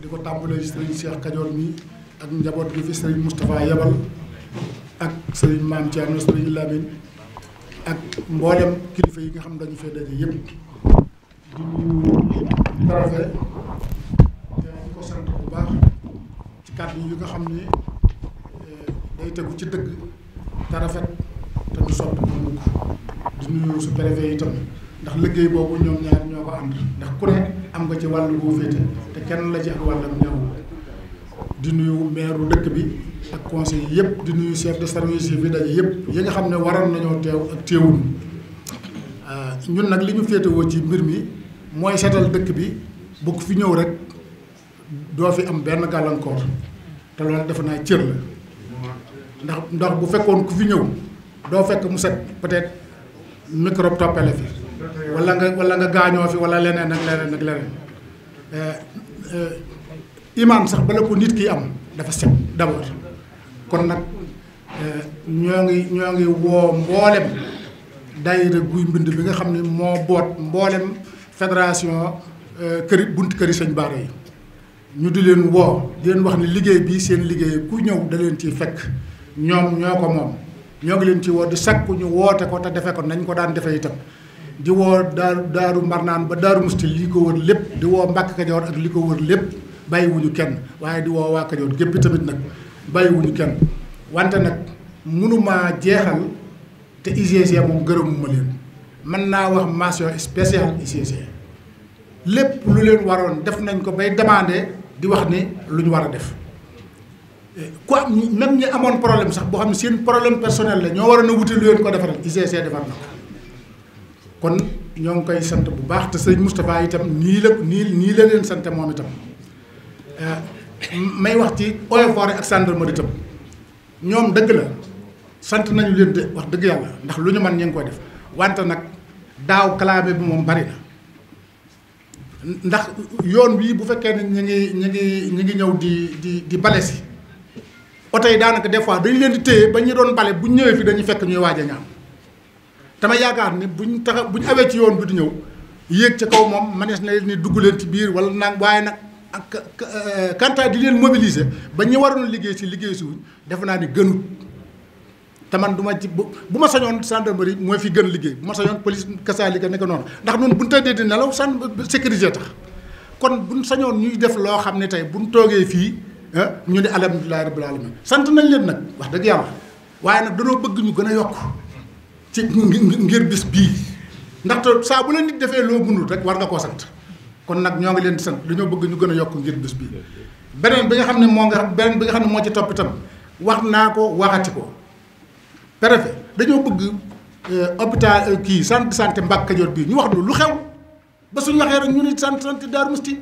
di ko tàmbalee sëriñ Cheikh Kajoor mi ak njaboot gi fi sëriñ Moustapha Yabal ak sëriñ Maam Thierno sëriñ Lamine ak mboolem kilifa yi nga xam ne fee daje yëpp di bu baax ci kàddu yi nga xam ni eh, day tegu ci dëgg te rafet te ñu sopp bu di nuyu su préfet itam ndax liggéey boobu ñoom ñaar ñoo ko ànd ndax ku am nga ci wàllu boo féete te kenn la ci ak wàllam néew di nuyu maire dëkk bi ak conseil yëpp di nuyu chef de service yi fi daje yëpp yi nga xam ne waroon nañoo teew ak teewul euh, ñun nag li ñu féetewoo ci mbir mi mooy seetal dëkk bi bu ko fi ñëw rek doo fi am benn gàllankoor te loolu defe naa cër la ndax ndax bu fekkoon ku fi ñëw doo fekk mu set peut-être microbe toppale fi wala nga walla nga gaañoo fi wala leneen ak leneen ak leneen eh, eh, imaam sax bala ko nit ki am dafa set d'abord kon nag eh, ñoo ngi ñoo ngi woo mboolem daayira guy mbind bi nga xam ne moo boot mboolem fédération këri buntu këri sëñ Baara yi ñu di leen woo di leen wax ni liggéey bi seen liggéey ku ñëw daleen ci fekk ñoom ñoo ko moom ñoo ngi leen ci woo di sakku ñu woote ko te defe ko nañ ko daan defee itam di woo daaru daaru marnaan ba daaru musti lii ko wër lépp di woo mbàkk kajoor ak li ko wër lépp bàyyiwuñu kenn waaye di woo waa kajoor gépp tamit nag bàyyiwuñu kenn wante nag mënuma jeexal te UGC moom gërëmuma leen mën naa wax mention spéciale UGC lépp lu leen waroon def nañ ko bay demandé di wax ni lu ñu war a def ku am même ñi amoon problème sax boo xam ne seen problème personnel la ñoo war a wuti lu leen ko defaral UGC defar na kon ñoo ngi koy sant bu baax te sëñ Moustapha itam nii la nii nii la leen sant moom itam euh, may wax ci eaux ak forêts ak gendarmerie ñoom dëgg la sant nañu leen de wax dëgg yàlla ndax lu ñu man ñu koy def wante nag daaw kalaame bi moom bari na ndax yoon wii bu fekkee ne ñu ngi ñu ngi ñu ngi ñëw di di di bale si oto yi daanaka des fois dañu leen di téye ba ñu doon bale bu ñëwee fi dañuy fekk ñuy waaj ñaam dama yaakaar ni buñ taxa buñ awee ci yoon bi di ñëw yéeg ca kaw moom manees na leen ni dugg leen ci biir wala naag waaye nag ak kantaa euh, di leen mobiliser ba ñu waroon liggéey si liggéey suuñ def naa ni gënut te man du ma ci bu ma sañoon gendarmerie mooy fi gën liggéey bu ma sañoon police kasaalika ne nekk noonu ndax noonu bu ñu dee di nelaw san sécurité tax kon bu ñu sañoon ñuy def loo xam ne tey bu ñu toogee fii ah, ñu ne alhamdulilah rabbil alamin nañ leen nag wax dëgg yàlla waaye nag danoo bëgg ñu gën a yokk ci ngir bis bii ndaxte saa bu la nit defee loo mënul rek war nga koo sant kon nag ñoo ngi leen di sant dañoo bëgg ñu gën a yokk ngir bis bii beneen bi nga xam ne moo nga beneen bi nga xam ne moo ci topp itam wax naa ko waxati ko préfet dañoo bëgg euh, hôpital euh, kii centre de santé Mbacke Kadior bii ñu wax lu xew ba suñu waxee rek ñu ni sant de santé Darou Mouhty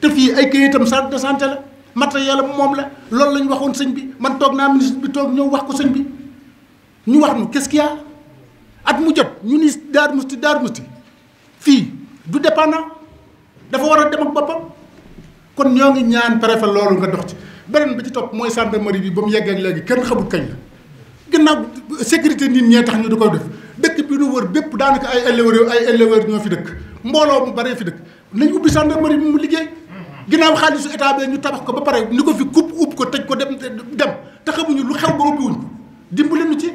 te fii ay këyitam centre de santé la matériel moom la loolu la ñu waxoon sëñ bi man toog naa ministre bi toog ñëw wax ko sëñ bi ñu wax nu quest at mu jot ñu ni Darou Mouhty Darou Mouhty fii du dépendant dafa war a dem ak boppam kon ñoo ngi ñaan préfet loolu nga dox ci beneen bi ci topp mooy gendarmerie bi ba mu yeggee léegi kenn xamul kañ la gannaaw sécurité nit ñee tax ñu di ko def dëkk bi nu wër bépp daanaka ay éleveurs ay éleveurs ñoo fi dëkk mbooloo mu baree fi dëkk nañ ubbi gendarmerie bi mu liggéey ginnaaw xaalisu état bi ñu tabax ko ba pare ni ko fi kupp ub ko tëj ko dem dem te xamuñu lu xew ba ubbiwuñ dimbali nu ci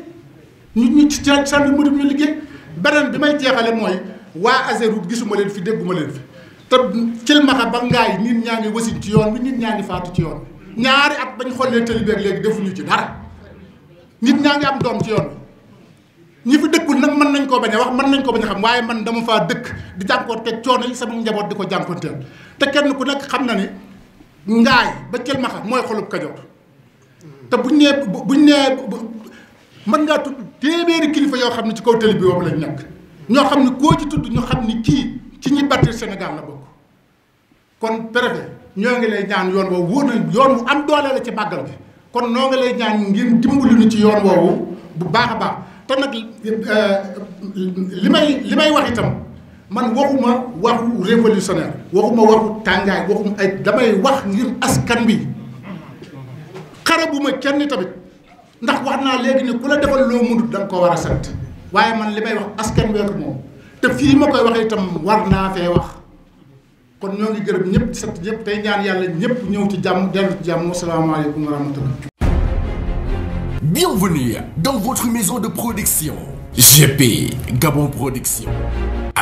ñu ñi ci sànni mu dem ñu liggéey beneen bi may jeexale mooy waa Azerut gisuma leen fi dégguma leen fi te cilmaxa ba ngaay nit ñaa ngi wasin ci yoon bi nit ñaa ngi faatu ci yoon bi ñaari at bañ xollee tëli beeg léegi defuñu ci dara ñaa ngi am doom ci yoon bi ñi fi dëkkul nag mën nañ koo bañ a wax mën nañ ko bañ a xam waaye man dama faa dëkk di te coono yi sama njaboot di ko jànkoonteel te kenn ku nekk xam na ni ngaay ba cilmaxa mooy xolub kajoor te buñ nee buñ nee mën ngaa tudd téeméeri kilifa yoo xam ne ci kaw tëli bi boobu lañ nekk ñoo xam ne koo ci tudd ñu xam ni ci ci ñi bâtir Sénégal na bokk kon préfet ñoo ngi lay ñaan yoon woowu wóor na yoon wu am doole la ci màggal bi kon noo ngi lay ñaan ngir dimbali ñu ci yoon woowu bu baax a baax te nag euh, li may li may wax itam man waxuma waxu révolutionnaire waxuma waxu tàngaay waxuma ay damay wax ngir askan bi xarabuma kenn tamit ndax wax naa léegi ne ku la defal loo mënut da ko war a set waaye man li may wax askan weeku moom te fii ma koy waxee itam war naa fee wax kon ñoo ngi gërëm ñëpp sant ñëpp tey ñaan yàlla ñëpp ñëw ci jàmm dellu ci jàmm asalaamaaleykum wa rahmatullah Bienvenue dans votre maison de production GP Gabon Production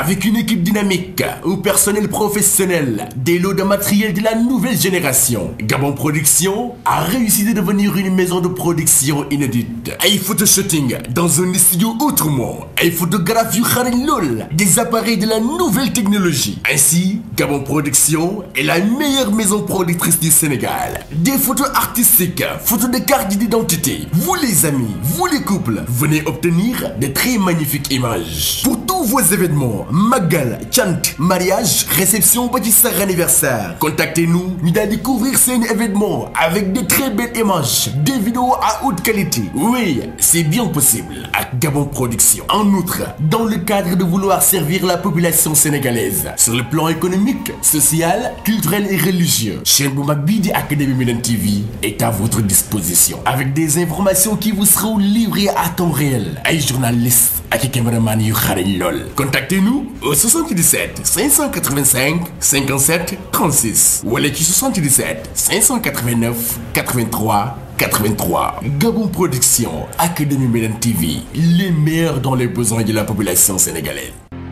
Avec une équipe dynamique, un personnel professionnel, des lots de matériel de la nouvelle génération, Gabon Production a réussi de devenir une maison de production inédite. Ay photoshooting dans un studio autrement, ay photographes yu xarañ lool, des appareils de la nouvelle technologie. Ainsi, Gabon Production est la meilleure maison productrice du Sénégal. Des photos artistiques, photos de cartes d'identité. Vous les amis, vous les couples, venez obtenir de très magnifiques pour vos événements màggal cant mariage réception ba ci anniversaire contactez-nous ñu daal di couvrir seen événement avec de très belles images des vidéos à haute qualité oui c'est bien possible ak Gabon Production en outre dans le cadre de vouloir servir la population sénégalaise sur le plan économique social culturel et religieux chaîne bu mag bii di Académie Minane TV est à votre disposition avec des informations qui vous seront livrées à temps ak i caméraman yu xarañ lool. contactez-nous au 77 585 57 36 wala ci 77 589 83 83 Gabon Production Académie Médine TV les meilleurs dans les besoins de la population sénégalaise.